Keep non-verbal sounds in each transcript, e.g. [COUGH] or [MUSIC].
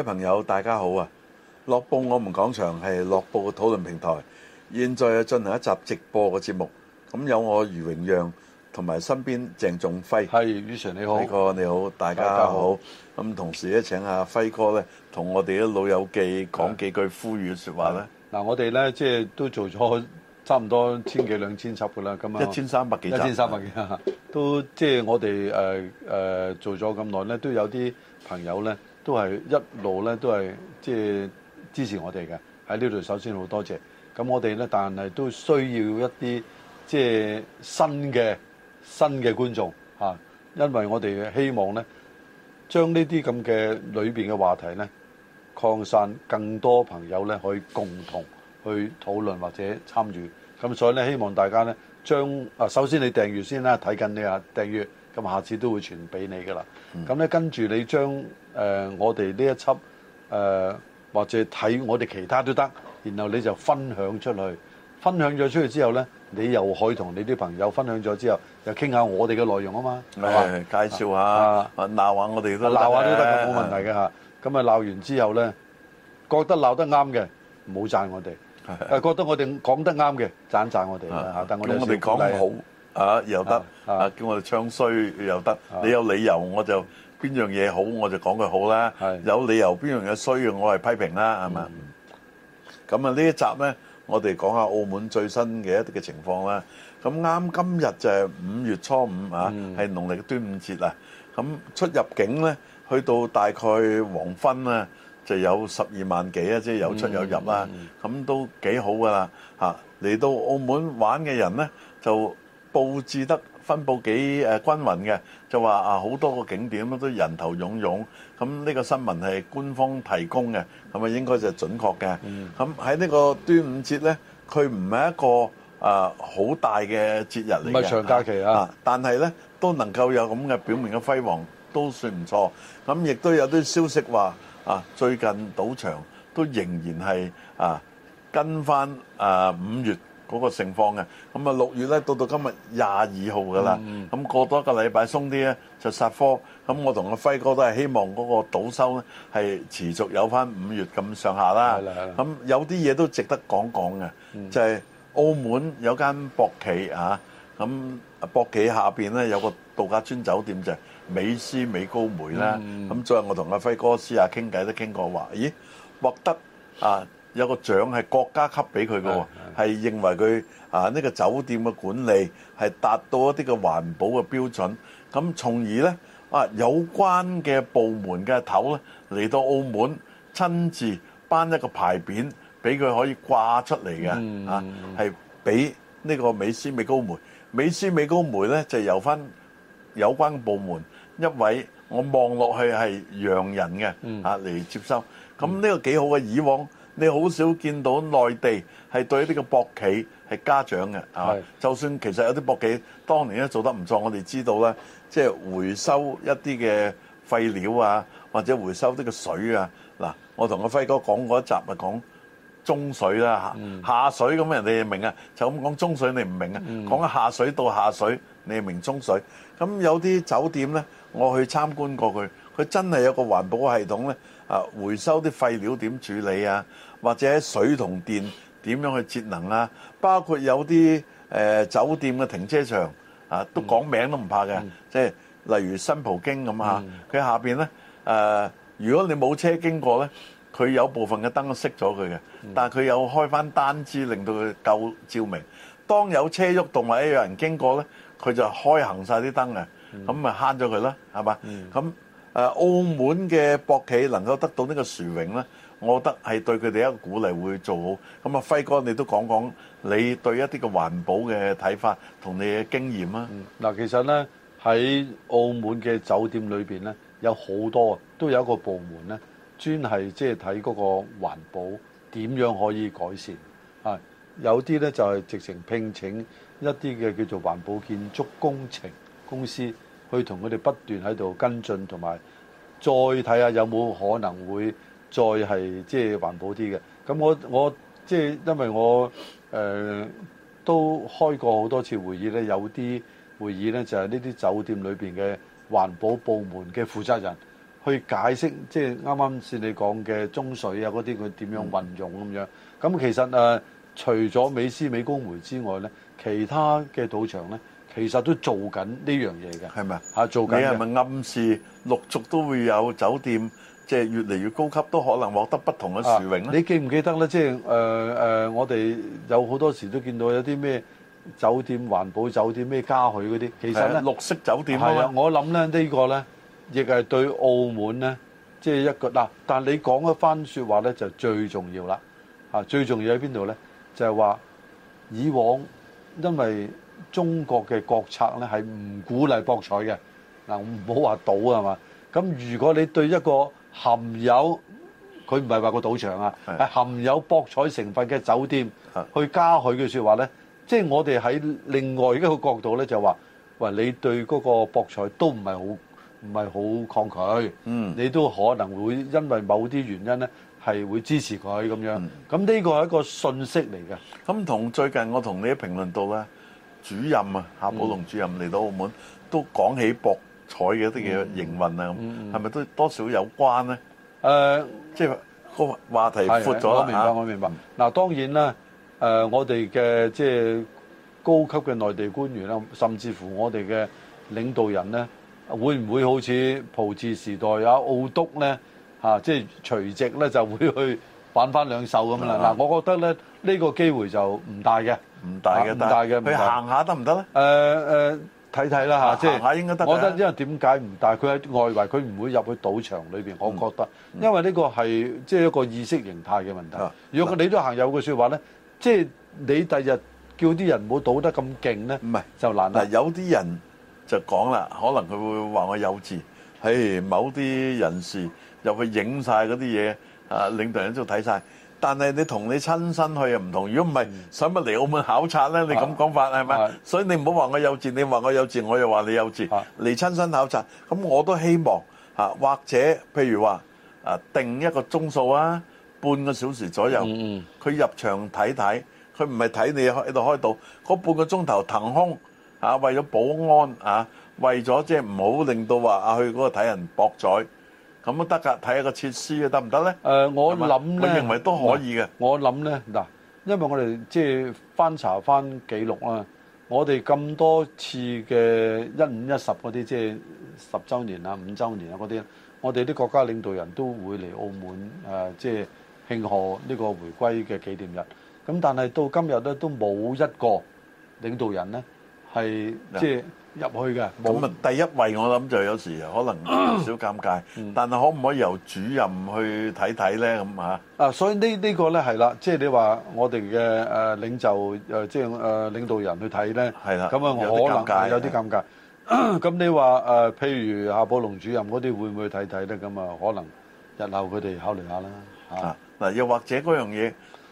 各位朋友，大家好啊！樂報我們講場係樂報嘅討論平台，現在進行一集直播嘅節目。咁有我余榮讓同埋身邊鄭仲輝，係，余 Sir 你好你，你好，大家好。咁同時咧，請阿輝哥咧同我哋啲老友記講幾句呼籲嘅說話咧。嗱、啊，我哋咧即係都做咗差唔多千幾兩千集噶啦，咁啊，一千三百幾一千三百幾、啊、都即係我哋誒誒做咗咁耐咧，都有啲朋友咧。都係一路咧，都係即係支持我哋嘅喺呢度。首先好多謝咁，我哋咧，但係都需要一啲即係新嘅新嘅觀眾嚇，因為我哋希望咧將呢啲咁嘅裏邊嘅話題咧擴散，更多朋友咧可以共同去討論或者參與。咁所以咧，希望大家咧將啊，首先你訂閱先啦，睇緊你啊訂閱，咁下次都會傳俾你㗎喇。咁咧跟住你將。誒、呃，我哋呢一輯誒、呃，或者睇我哋其他都得，然後你就分享出去，分享咗出去之後咧，你又可以同你啲朋友分享咗之後，又傾、哎下，啊、下我哋嘅內容啊嘛，係介紹下鬧下我哋都鬧下都得冇問題嘅，咁啊鬧、啊、完之後咧，覺得鬧得啱嘅唔好讚我哋，誒、啊、覺得我哋講得啱嘅讚讚我哋啦，但我哋講好啊又得嚇，叫、啊啊、我哋唱衰又得，你有理由我就。邊樣嘢好我就講佢好啦，有理由邊樣嘢需要我係批評啦，係嘛？咁啊呢一集呢，我哋講下澳門最新嘅一啲嘅情況啦。咁啱今日就係五月初五啊，係農曆端午節啊。咁出入境呢，去到大概黃昏啊，就有十二萬幾啊，即係有出有入啦。咁都幾好噶啦嚇！嚟到澳門玩嘅人呢，就佈置得。分布幾誒均勻嘅，就話啊好多個景點都人頭湧湧，咁呢個新聞係官方提供嘅，係咪應該就係準確嘅？咁喺呢個端午節咧，佢唔係一個啊好大嘅節日嚟嘅，唔係長假期啊，但係咧都能夠有咁嘅表面嘅輝煌，都算唔錯。咁亦都有啲消息話啊，最近賭場都仍然係啊跟翻啊五月。嗰個情況嘅，咁啊六月咧，到到今日廿二號噶啦，咁過多個禮拜鬆啲咧就殺科，咁我同阿輝哥都係希望嗰個賭收咧係持續有返五月咁上下啦。咁有啲嘢都值得講講嘅，就係澳門有間博企啊，咁博企下邊咧有個度假村酒店就係美獅美高梅啦。咁最後我同阿輝哥私下傾偈都傾過話，咦獲得啊！有個獎係國家級俾佢嘅喎，係認為佢啊呢個酒店嘅管理係達到一啲嘅環保嘅標準，咁從而呢啊有關嘅部門嘅頭呢嚟到澳門親自頒一個牌匾俾佢可以掛出嚟嘅啊，係俾呢個美斯美高梅美斯美高梅呢就由翻有關部門一位我望落去係洋人嘅啊嚟接收，咁呢個幾好嘅。以往你好少見到內地係對呢個博企係嘉獎嘅，啊，就算其實有啲博企當年咧做得唔錯，我哋知道咧，即係回收一啲嘅廢料啊，或者回收啲嘅水啊。嗱，我同阿輝哥講嗰集咪講中水啦，啊嗯，下水咁人哋明啊，就咁講中水你唔明啊，講、嗯、下水到下水你明中水。咁有啲酒店咧，我去參觀過佢，佢真係有個環保系統咧，啊，回收啲廢料點處理啊？或者水同電點樣去節能啊？包括有啲誒酒店嘅停車場啊，都講名都唔怕嘅，即係例如新葡京咁啊，佢下邊咧誒，如果你冇車經過咧，佢有部分嘅燈熄咗佢嘅，但係佢有開翻單支令到佢夠照明。當有車喐動或者有人經過咧，佢就開行曬啲燈嘅，咁咪慳咗佢啦，係嘛？咁誒澳門嘅博企能夠得到呢個殊榮咧。我覺得係對佢哋一個鼓勵，會做好。咁啊，輝哥，你都講講你對一啲嘅環保嘅睇法同你嘅經驗啦。嗱，其實呢，喺澳門嘅酒店裏面呢，有好多都有一個部門呢，專係即係睇嗰個環保點樣可以改善。啊，有啲呢，就係直情聘請一啲嘅叫做環保建築工程公司，去同佢哋不斷喺度跟進，同埋再睇下有冇可能會。再係即係環保啲嘅，咁我我即係因為我誒、呃、都開過好多次會議咧，有啲會議咧就係呢啲酒店裏面嘅環保部門嘅負責人去解釋，即係啱啱先你講嘅中水啊嗰啲佢點樣運用咁樣。咁、嗯、其實、呃、除咗美斯美高梅之外咧，其他嘅賭場咧，其實都做緊呢樣嘢嘅。係咪啊？做緊？你係咪暗示陸續都會有酒店？即係越嚟越高級，都可能獲得不同嘅殊榮咧。你記唔記得呢？即係誒誒，我哋有好多時都見到有啲咩酒店、環保酒店、咩嘉許嗰啲，其實咧綠色酒店啊。我諗咧呢個呢，亦係對澳門呢，即係一個嗱。但係你講一番説話呢，就最重要啦。啊，最重要喺邊度呢？就係話以往因為中國嘅國策呢係唔鼓勵博彩嘅嗱，我唔好話賭係嘛。咁如果你對一個含有佢唔係話個賭場啊，係含有博彩成分嘅酒店係去加佢嘅說話咧，即係我哋喺另外一個角度咧就話：「喂，你對嗰個博彩都唔係好唔係好抗拒，嗯，你都可能會因為某啲原因咧係會支持佢咁樣，咁呢個係一個信息嚟嘅。咁同最近我同你喺評論度咧，主任啊，夏寶龍主任嚟到澳門、嗯、都講起博彩嘅啲嘅營運啊，係、嗯、咪、嗯、都多少有關咧？誒、呃，即係個話題闊咗啦嚇。明白，啊、明白，我明白。嗱，當然啦，誒、呃，我哋嘅即係高級嘅內地官員啦，甚至乎我哋嘅領導人咧，會唔會好似葡治時代啊、澳督咧？嚇、啊，即係隨即咧就會去玩翻兩手咁啦。嗱、啊，我覺得咧呢、呢個機會就唔大嘅，唔大嘅，唔大嘅，去行下得唔得咧？誒、呃、誒。呃睇睇啦嚇，即係我覺得因為點解唔帶？佢喺外圍，佢唔會入去賭場裏邊。我覺得，因為呢個係即係一個意識形態嘅問題。如果你都行有句説話咧，即係你第日叫啲人唔好賭得咁勁咧，唔係就難啦。有啲人就講啦，可能佢會話我幼稚。嘿，某啲人士入去影曬嗰啲嘢，啊領導人都睇曬。但係你同你親身去又唔同，如果唔係使乜嚟澳門考察呢？啊、你咁講法係咪、啊啊？所以你唔好話我幼稚，你話我幼稚，我又話你幼稚。嚟、啊、親身考察，咁我都希望嚇、啊，或者譬如話啊，定一個鐘數啊，半個小時左右，佢、嗯嗯、入場睇睇，佢唔係睇你喺度開、啊啊、到，嗰、啊、半個鐘頭騰空啊，為咗保安啊，為咗即係唔好令到話啊去嗰個睇人博彩。咁都得噶，睇下個設施嘅得唔得咧？誒，我諗咧，我認為都可以嘅。我諗咧，嗱，因為我哋即係翻查翻記錄啊，我哋咁多次嘅一五一十嗰啲，即係十週年啊、五週年啊嗰啲，我哋啲國家領導人都會嚟澳門誒即係慶賀呢個回歸嘅紀念日。咁但係到今日咧，都冇一個領導人咧係即係。入去嘅，冇乜，第一位我諗就有時可能有少少尷尬，但係可唔可以由主任去睇睇咧？咁啊，啊，所以呢呢個咧係啦，即係你話我哋嘅誒領袖誒，即係誒領導人去睇咧，係啦，咁啊，可能有啲尷尬。咁你話誒，譬如夏寶龍主任嗰啲會唔會去睇睇咧？咁啊，可能日後佢哋考慮下啦。啊，嗱，又或者嗰樣嘢。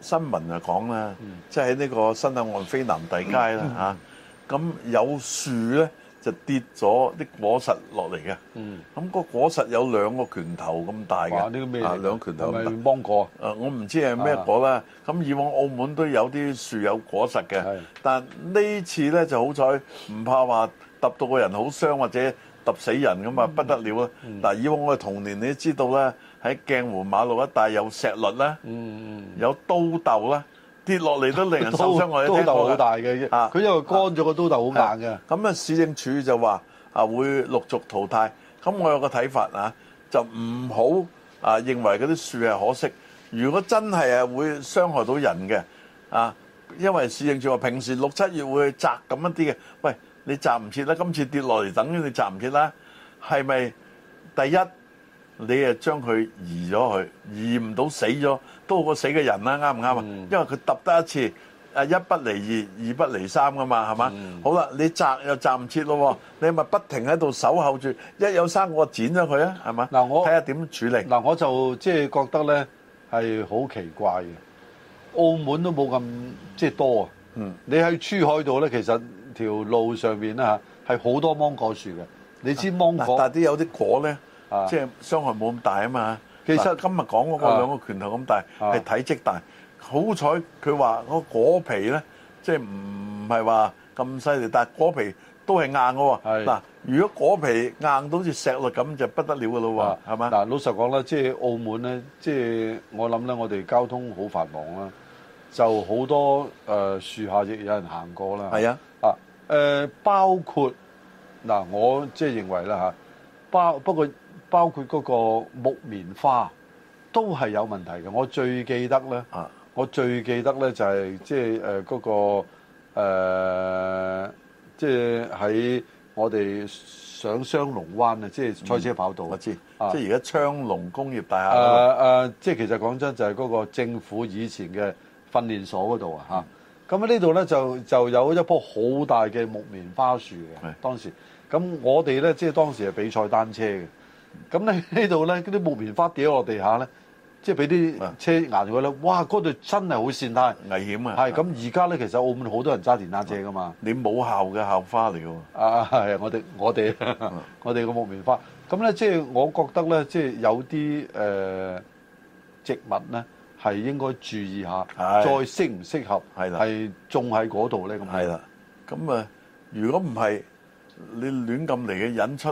新聞就講啦，即係喺呢個新口岸菲南第街啦咁、嗯啊、有樹咧就跌咗啲果實落嚟嘅，咁、嗯、個果實有兩個拳頭咁大嘅，啊兩個拳頭咁大。係咪芒果啊？我唔知係咩果啦。咁、啊啊、以往澳門都有啲樹有果實嘅，但係呢次咧就好彩，唔怕話揼到個人好傷或者。揼死人咁啊，不得了啊！嗱、嗯嗯，以往我哋童年，你知道咧，喺鏡湖馬路一帶有石栗啦、嗯，有刀豆啦，跌落嚟都令人受傷。我哋刀豆好大嘅，佢、啊、因為乾咗個、啊、刀豆好硬嘅。咁啊、嗯嗯，市政署就話啊會陸續淘汰。咁、嗯、我有個睇法啊，就唔好啊認為嗰啲樹係可惜。如果真係啊會傷害到人嘅啊，因為市政署話平時六七月會摘咁一啲嘅。喂。你摘唔切啦，今次跌落嚟等於你摘唔切啦，係咪？第一，你誒將佢移咗去，移唔到死咗，多過死嘅人啦，啱唔啱啊？因為佢揼得一次，誒一不離二，二不離三噶嘛，係嘛？好啦，你摘又摘唔切咯，你咪不停喺度守候住，一有生果剪咗佢啊，係嘛？嗱，我睇下點處理。嗱，我就即係覺得咧係好奇怪嘅，澳門都冇咁即係多啊。嗯，你喺珠海度咧，其實。條路上邊啦嚇，係好多芒果樹嘅。你知芒果、啊，但啲有啲果咧、啊，即係傷害冇咁大啊嘛。其實、啊、今日講嗰個兩個拳頭咁大，係、啊、體積大。啊、好彩佢話嗰果皮咧，即係唔係話咁犀利，但係果皮都係硬嘅喎。嗱、啊，如果果皮硬到好似石粒咁，就不得了嘅咯喎，係咪啊？嗱，老實講啦，即係澳門咧，即係我諗咧，我哋交通好繁忙啦，就好多誒、呃、樹下邊有人行過啦。係啊，啊。誒、呃、包括嗱，我即係認為啦吓、啊，包不過包括嗰個木棉花都係有問題嘅。我最記得咧、啊，我最記得咧就係即係誒個誒，即係喺我哋上雙龍灣啊，即係賽車跑道，嗯、我知、啊。即係而家昌龍工業大廈誒誒，即係其實講真的就係、是、嗰個政府以前嘅訓練所嗰度、嗯、啊嚇。咁喺呢度咧就就有一棵好大嘅木棉花樹嘅，當時。咁我哋咧即係當時係比賽單車嘅。咁咧呢度咧啲木棉花跌落地下咧，即係俾啲車壓住佢咧。哇！嗰度真係好善態，危險啊！係咁，而家咧其實澳門好多人揸電單車噶嘛。你冇校嘅校花嚟㗎喎。啊係，我哋我哋我哋個木棉花。咁咧即係我覺得咧，即係有啲誒植物咧。係應該注意下，再適唔適合係種喺嗰度咧咁。係啦，咁啊，如果唔係你亂咁嚟嘅引出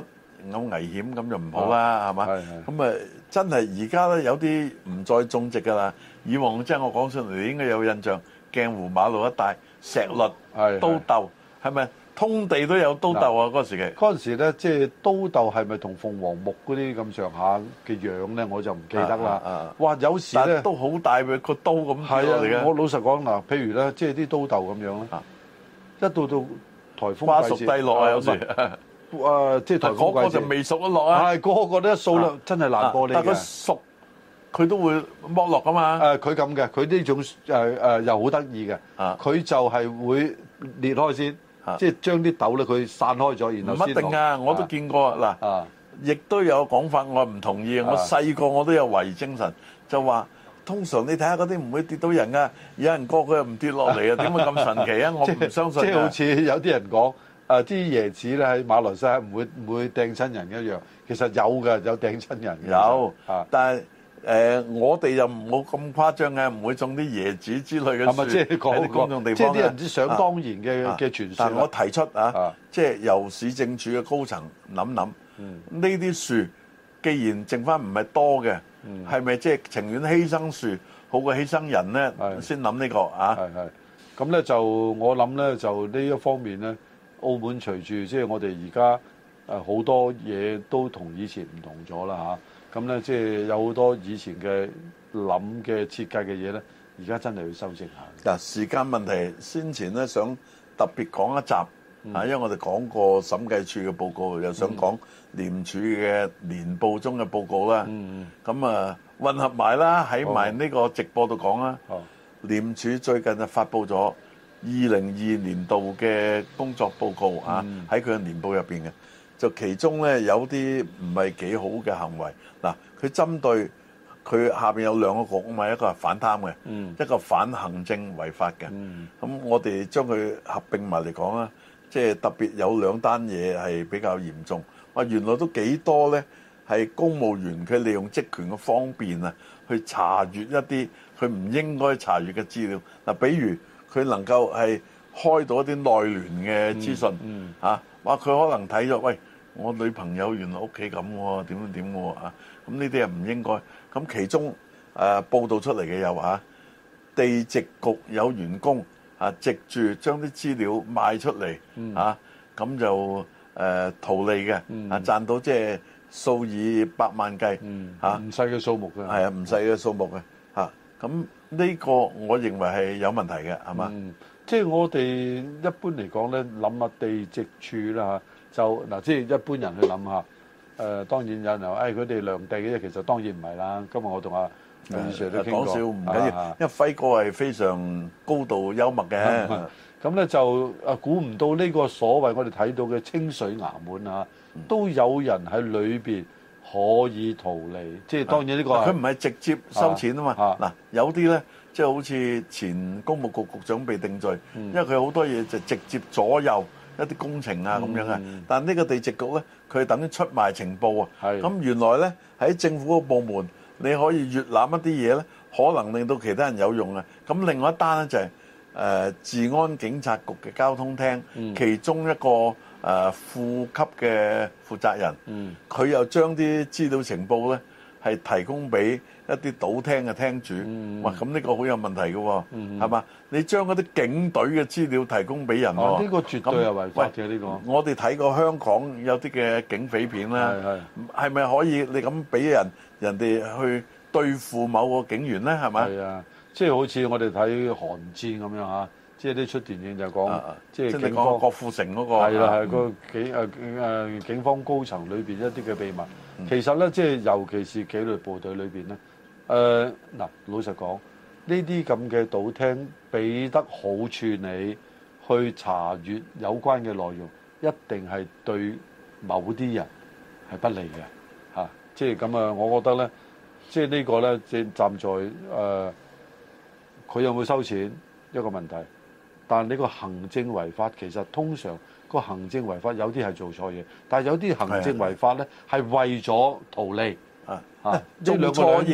咁危險，咁就唔好啦，係嘛？咁啊，真係而家咧有啲唔再種植㗎啦。以往即係我講上嚟，你應該有印象，鏡湖馬路一帶石律、刀豆，係咪？通地都有刀豆啊！嗰時嘅嗰陣時咧，即、就、係、是、刀豆係咪同鳳凰木嗰啲咁上下嘅樣咧？我就唔記得啦。哇、啊！有時咧都好大嘅個刀咁樣嚟嘅。我老實講嗱，譬如咧，即係啲刀豆咁樣咧、啊，一到到颱風季節，瓜熟蒂落啊！有時誒，即係個個就未熟得落啊！係、啊那個個都一掃落，真係難過你、啊、但佢熟佢都會剝落噶嘛？誒、啊，佢咁嘅，佢呢種誒、呃呃、又好得意嘅，佢、啊、就係會裂開先。即係將啲豆咧，佢散開咗，然後唔一定啊！我都見過嗱，亦、啊、都有講法，我唔同意。我細個我都有懷疑精神，就話通常你睇下嗰啲唔會跌到人啊，有人過佢又唔跌落嚟啊？點會咁神奇啊？我唔相信。即係好似有啲人講，誒、啊、啲椰子咧喺馬來西亞唔會唔會掟親人一樣，其實有嘅有掟親人。有，啊、但呃、我哋又唔好咁誇張嘅，唔會種啲椰子之類嘅樹喺啲、即係、公眾地方、啊，即係啲人知想當然嘅嘅、啊啊、傳説。但係我提出啊，即、啊、係、即係、由市政署嘅高層諗諗，呢啲、嗯、樹既然剩翻唔係多嘅，係咪即係情願犧牲樹好過犧牲人咧？先諗呢個啊。咁咧就我諗咧就呢一方面咧，澳門隨住即係我哋而家好多嘢都同以前唔同咗啦、啊咁咧，即係有好多以前嘅諗嘅設計嘅嘢咧，而家真係要修正下。嗱，時間問題，先前咧想特別講一集啊，因為我哋講過審計署嘅報告，又想講廉署嘅年報中嘅報告啦。咁、嗯、啊，混合埋啦，喺埋呢個直播度講啦、哦哦。廉署最近就發布咗二零二年度嘅工作報告啊，喺佢嘅年報入面。嘅。就其中咧有啲唔係幾好嘅行為，嗱佢針對佢下邊有兩個局啊嘛，一個係反貪嘅，嗯、一個反行政違法嘅，咁、嗯、我哋將佢合併埋嚟講啦，即係特別有兩單嘢係比較嚴重，原來都幾多咧，係公務員佢利用職權嘅方便啊，去查閱一啲佢唔應該查閱嘅資料，嗱比如佢能夠係開到一啲內聯嘅資訊，嗯嗯吓。哇！佢可能睇咗，喂，我女朋友原來屋企咁喎，點點喎啊！咁呢啲啊唔應該。咁其中誒報道出嚟嘅又話地籍局有員工啊，藉住將啲資料賣出嚟啊，咁就誒圖利嘅啊，賺到即係數以百萬計嚇，唔細嘅數目嘅，係啊，唔細嘅數目嘅嚇。咁呢個我認為係有問題嘅，係嘛？即係我哋一般嚟講咧，諗下地籍處啦嚇就嗱即係一般人去諗下。誒、呃、當然有人話，佢哋量地嘅啫，其實當然唔係啦。今日我同阿阿講笑唔緊要，因為輝哥係非常高度幽默嘅。咁、啊、咧、啊啊嗯、就估唔到呢個所謂我哋睇到嘅清水衙門啊、嗯，都有人喺裏面可以逃離。即、啊、係、啊、當然呢個佢唔係直接收錢啊嘛。嗱、啊啊、有啲咧。即係好似前工務局局長被定罪，因為佢好多嘢就直接左右一啲工程啊，咁樣啊。但係呢個地籍局咧，佢等於出賣情報啊。咁原來咧喺政府個部門，你可以閲覽一啲嘢咧，可能令到其他人有用啊。咁另外一單咧就係誒治安警察局嘅交通廳，其中一個誒副級嘅負責人，佢又將啲資料情報咧係提供俾一啲賭廳嘅廳主，哇！咁呢個好有問題嘅喎，係嘛？你將嗰啲警隊嘅資料提供俾人，哦，呢個絕對係違法嘅呢個。我哋睇過香港有啲嘅警匪片啦，係係，係咪可以你咁俾人人哋去對付某個警員咧？係嘛？係啊，即係好似我哋睇寒戰咁樣嚇，即係呢出電影就講，即係警方郭富城嗰個係啦係個警誒誒警方高層裏邊一啲嘅秘密。其實咧，即係尤其是紀律部隊裏邊咧。誒、呃、嗱，老實講，呢啲咁嘅賭廳俾得好處你去查閲有關嘅內容，一定係對某啲人係不利嘅嚇、啊。即係咁啊，我覺得呢，即係呢個呢，即站在誒佢有冇收錢一個問題。但係呢個行政違法，其實通常個行政違法有啲係做錯嘢，但係有啲行政違法呢係為咗圖利。啊，做錯嘢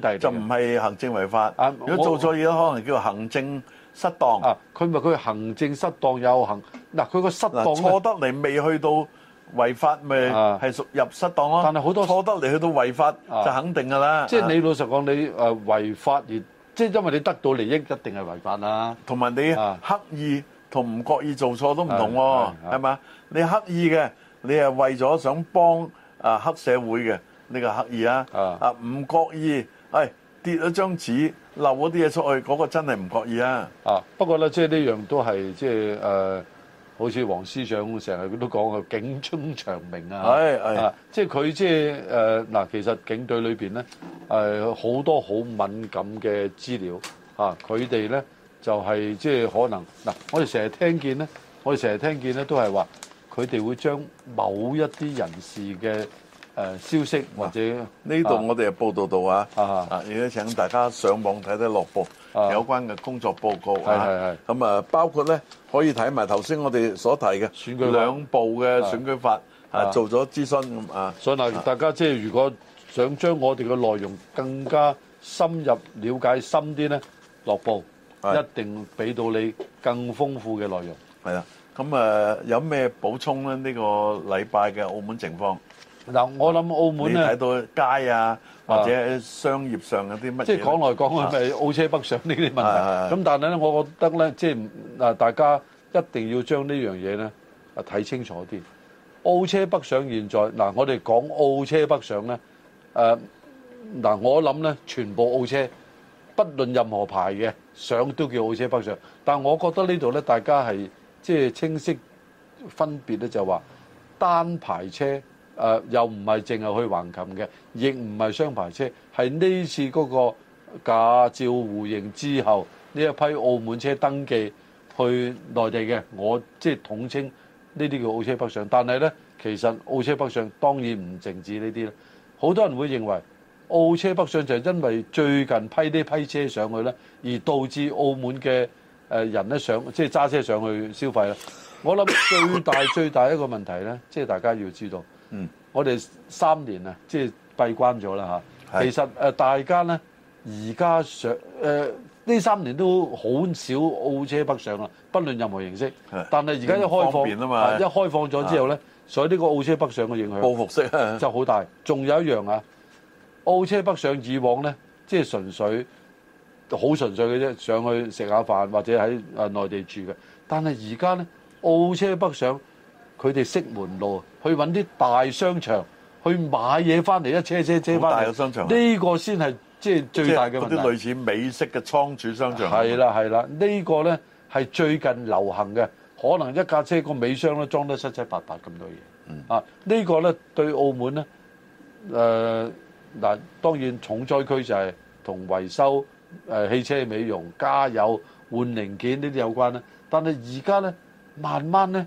咧就唔係行政違法。如果做錯嘢咧，可能叫行政失當。啊，佢咪佢行政失當又行。嗱，佢個失當錯得嚟未去到違法咪係屬入失當咯。但係好多錯得嚟去到違法就肯定㗎啦。即係你老實講，你誒違法而即係因為你得到利益，一定係違法啦。同埋你刻意同唔覺意做錯都唔同喎，係咪？你刻意嘅，你係為咗想幫啊黑社會嘅。呢個刻意啊，啊唔覺意，係跌咗張紙，漏咗啲嘢出去，嗰個真係唔覺意啊！啊，不過咧，即係呢樣都係即係誒，好似黃司長成日都講嘅警鐘長鳴啊！係係，即係佢即係誒嗱，其實警隊裏邊咧誒好多好敏感嘅資料嚇，佢哋咧就係即係可能嗱、啊，我哋成日聽見咧，我哋成日聽見咧都係話佢哋會將某一啲人士嘅誒消息或者呢、啊、度，我哋報道到啊！啊，而、啊、家請大家上網睇睇樂報有關嘅工作報告啊！係係係咁啊，啊！包括咧可以睇埋頭先，我哋所提嘅選舉兩部嘅選舉法選舉啊，做咗諮詢。咁啊。所以嗱，大家即係如果想將我哋嘅內容更加深入了解深啲咧，樂報一定俾到你更豐富嘅內容係啊！咁、嗯、啊，有咩補充咧？呢、呢個禮拜嘅澳門情況。嗱，我諗澳門咧睇到街啊，或者商業上有啲乜，即係講來講去咪澳車北上呢啲問題？咁但係咧，我覺得咧，即係嗱，大家一定要將呢樣嘢咧啊睇清楚啲。澳車北上現在嗱，我哋講澳車北上咧，誒嗱，我諗咧全部澳車，不論任何牌嘅上都叫澳車北上。但係我覺得呢度咧，大家係即係清晰分別咧，就話單牌車。又唔係淨係去橫琴嘅，亦唔係雙牌車，係呢次嗰個駕照互認之後，呢一批澳門車登記去內地嘅，我即係統稱呢啲叫澳車北上。但係呢，其實澳車北上當然唔淨止呢啲啦。好多人會認為澳車北上就係因為最近批呢批車上去呢，而導致澳門嘅人呢，上即係揸車上去消費啦。我諗最大 [COUGHS] 最大一個問題呢，即係大家要知道。嗯，我哋三年啊，即係閉關咗啦吓。其實誒，大家咧而家上誒呢、呃、三年都好少澳車北上啦，不論任何形式。但係而家一開放，方便啊嘛！一開放咗之後咧，所以呢個澳車北上嘅影響報復式就好大。仲有一樣啊，澳車北上以往咧，即係純粹好純粹嘅啫，上去食下飯或者喺誒內地住嘅。但係而家咧，澳車北上。佢哋識門路，去揾啲大商場去買嘢翻嚟，一車車車翻嚟。好大嘅商場。呢個先係即係最大嘅問題。啲類似美式嘅倉儲商場。係啦係啦，呢個咧係最近流行嘅，可能一架車個尾箱都裝得七七八八咁多嘢。嗯。啊，呢個咧對澳門咧，誒嗱，當然重災區就係同維修、誒汽車美容、加油、換零件呢啲有關啦。但係而家咧，慢慢咧。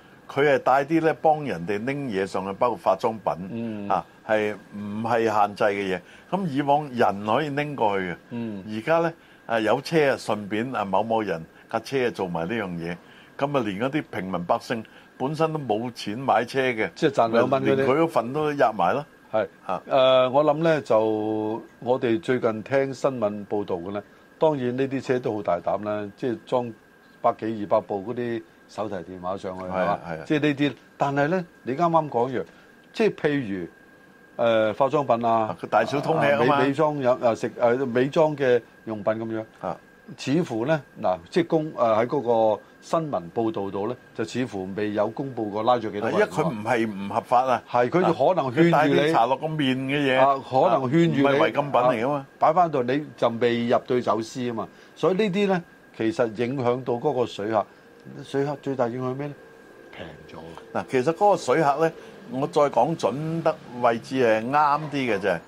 佢係帶啲咧幫人哋拎嘢上去，包括化妝品啊，係唔係限制嘅嘢？咁以往人可以拎過去嘅，而家咧誒有車啊，順便啊某某人架車啊做埋呢樣嘢，咁啊連嗰啲平民百姓本身都冇錢買車嘅，即係賺兩蚊，佢嗰份都入埋咯，係嚇。呃，我諗咧就我哋最近聽新聞報導嘅咧，當然呢啲車都好大膽啦，即係裝百幾二百部嗰啲。手提電話上去係嘛？係即係呢啲，但係咧，你啱啱講完，即係譬如誒化妝品啊，大小通吃啊嘛，美妝有誒食誒美妝嘅用品咁樣啊，似乎咧嗱，即係公誒喺嗰個新聞報導度咧，就似乎未有公布過拉咗幾多？因為佢唔係唔合法啊，係佢可能勸住你，但係你搽落個面嘅嘢，可能勸住你，唔係違禁品嚟㗎嘛，擺翻度你就未入到走私啊嘛，所以呢啲咧其實影響到嗰個水客。水客最大影響咩咧？平咗。嗱，其實嗰個水客咧，我再講準得位置係啱啲嘅啫。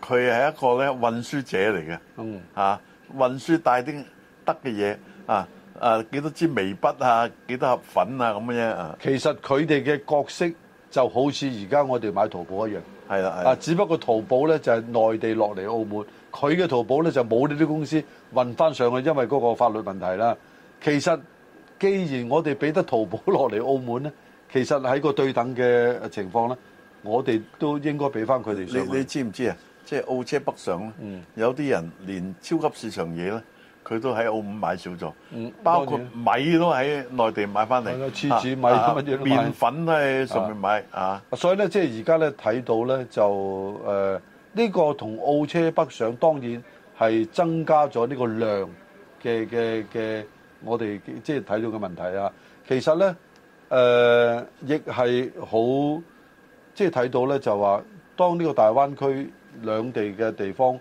佢、嗯、係一個咧運輸者嚟嘅，嗯嚇，運輸帶啲得嘅嘢啊，誒幾、啊啊、多支眉筆啊，幾多盒粉啊咁嘅啫。其實佢哋嘅角色就好似而家我哋買淘寶一樣，係啦，啊，只不過淘寶咧就係、係、內地落嚟澳門，佢嘅淘寶咧就冇呢啲公司運翻上去，因為嗰個法律問題啦。其實。既然我哋俾得淘寶落嚟澳門咧，其實喺個對等嘅情況咧，我哋都應該俾翻佢哋。你你知唔知啊？即係澳車北上咧，有啲人連超級市場嘢咧，佢都喺澳門買少咗。包括米都喺內地買翻嚟，超市米都麵粉咧，上面買啊，啊？所以咧，即係而家咧睇到咧，就誒呢個同澳車北上當然係增加咗呢個量嘅嘅嘅。我哋即係睇到嘅問題啊，其實咧，誒亦係好即係睇到咧，就話當呢個大灣區兩地嘅地方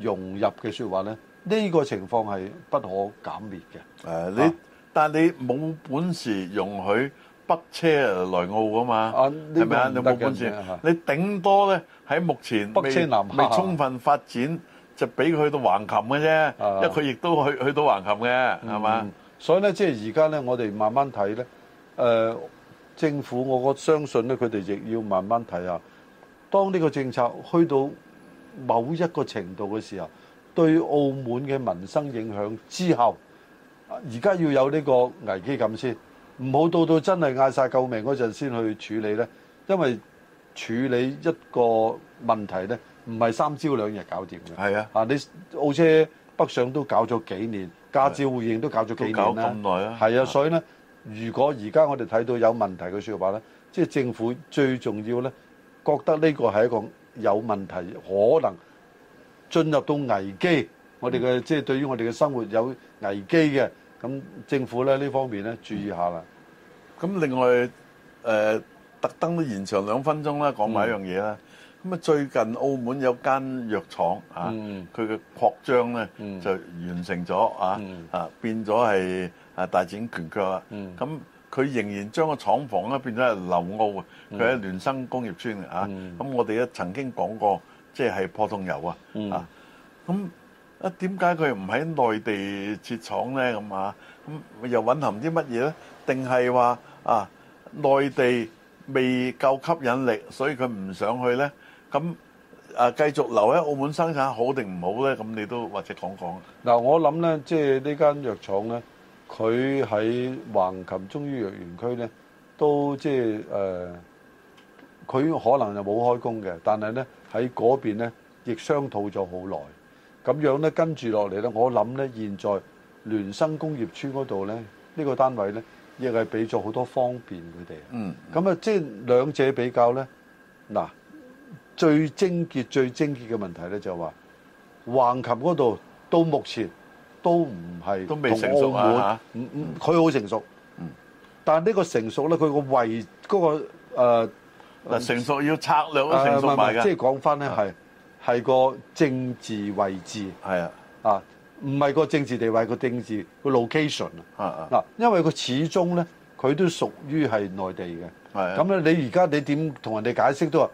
融入嘅説話咧，呢個情況係不可減滅嘅。誒你，但係你冇本事容許北車來澳㗎嘛，係咪啊？你冇本事，你頂多咧喺目前北車南未充分發展，就俾佢去到橫琴嘅啫，因為佢亦都去去到橫琴嘅，係嘛？所以咧，即係而家咧，我哋慢慢睇咧。誒，政府，我相信咧，佢哋亦要慢慢睇下。當呢個政策去到某一個程度嘅時候，對澳門嘅民生影響之後，而家要有呢個危機感先，唔好到到真係嗌晒救命嗰陣先去處理咧。因為處理一個問題咧，唔係三朝兩日搞掂嘅。係啊，啊，你澳車北上都搞咗幾年。駕照互認都教咗幾年啦，係啊，所以呢，如果而家我哋睇到有問題嘅説話呢，即係政府最重要呢，覺得呢個係一個有問題，可能進入到危機，我哋嘅即係對於我哋嘅生活有危機嘅，咁、嗯、政府咧呢這方面呢，注意下啦。咁另外誒，特登延長兩分鐘咧，講埋一樣嘢啦。咁啊！最近澳門有間藥廠啊，佢、嗯、嘅擴張咧就完成咗啊，啊、嗯、變咗係啊大展拳腳啦。咁、嗯、佢仍然將個廠房咧變咗係留澳，佢喺、嗯、聯生工業村啊。咁、嗯嗯、我哋咧曾經講過，即係係破洞油啊、嗯。啊，咁啊點解佢唔喺內地設廠咧？咁啊，咁又隱含啲乜嘢咧？定係話啊內地未夠吸引力，所以佢唔想去咧？咁啊，繼續留喺澳門生產好定唔好咧？咁你都或者講講。嗱，我諗咧，即係呢間藥廠咧，佢喺橫琴中醫藥園區咧，都即係誒，佢可能又冇開工嘅，但係咧喺嗰邊咧亦商討咗好耐。咁樣咧跟住落嚟咧，我諗咧現在聯生工業村嗰度咧，呢個單位咧亦係俾咗好多方便佢哋。嗯。咁啊，即係兩者比較咧，嗱。最癥結、最癥結嘅問題咧，就話橫琴嗰度到目前都唔係同澳門，都未成熟啊。澳門，唔唔，佢好成熟。嗯，但係呢個成熟咧，佢個位嗰、嗰個、呃、成熟要策略成熟、呃、唔係唔係即係講翻咧係係個政治位置，係啊啊，唔係個政治地位，係個政治個 location 啊啊嗱，因為佢始終咧佢都屬於係內地嘅，係咁咧，你而家你點同人哋解釋都話？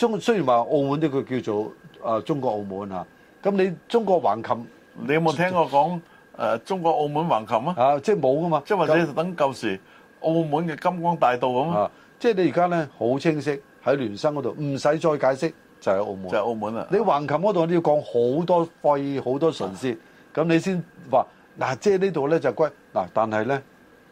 中雖然話澳門呢個叫做啊中國澳門啊，咁你中國橫琴，你有冇聽過講誒、呃、中國澳門橫琴啊？嚇，即係冇噶嘛，即係或者等舊時澳門嘅金光大道咁啊。即係你而家咧好清晰喺聯生嗰度，唔使再解釋就喺、是、澳門，就喺、是、澳門啦、啊。你橫琴嗰度你要講好多廢好多唇舌，咁你先話嗱，即係呢度咧就是、歸嗱、啊，但係咧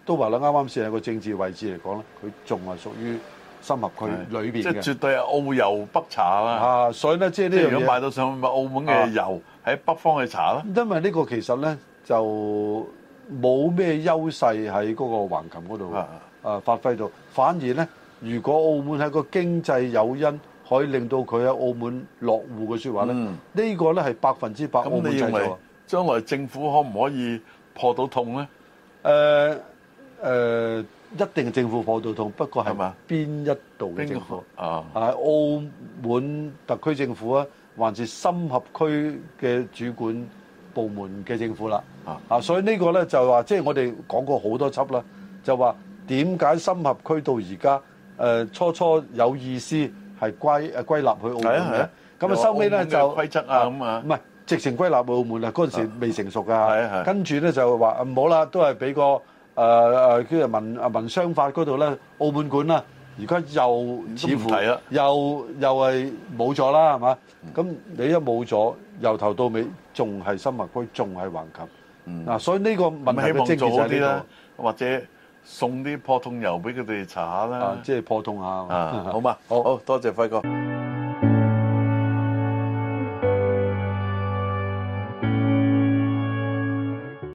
都話啦，啱啱先喺個政治位置嚟講咧，佢仲係屬於。深合區裏邊，即係絕對係澳油北茶啦。啊，所以咧，即係呢樣嘢。如果賣到上去，咪澳門嘅油喺、啊、北方去查啦。因為呢個其實咧就冇咩優勢喺嗰個橫琴嗰度啊啊！啊，發揮到，啊、反而咧，如果澳門係個經濟誘因，可以令到佢喺澳門落戶嘅說話咧，呢、嗯這個咧係百分之百澳門製造。咁你認為，將來政府可唔可以破到痛咧？誒、呃、誒。呃一定係政府破到痛，不過係邊一度嘅政府？啊，係澳門特區政府啊，還是深合區嘅主管部門嘅政府啦？啊，所以呢個咧就係話，即係我哋講過好多輯啦，就話點解深合區到而家誒初初有意思係歸歸納去澳門嘅，咁啊收尾咧就規則啊，唔係直情歸納去澳門啊，嗰陣時未成熟㗎，跟住咧就話唔好啦，都係俾個。誒誒，即係民民商法嗰度咧，澳門管啦，而家又似乎又又係冇咗啦，係嘛？咁你一冇咗，由頭到尾仲係生物區，仲係橫琴。嗱，所以呢個問題嘅症結就係呢個，希望做好啲啦，或者送啲破痛油俾佢哋搽下啦，即係破痛下。啊，好嘛，好好，多謝輝哥。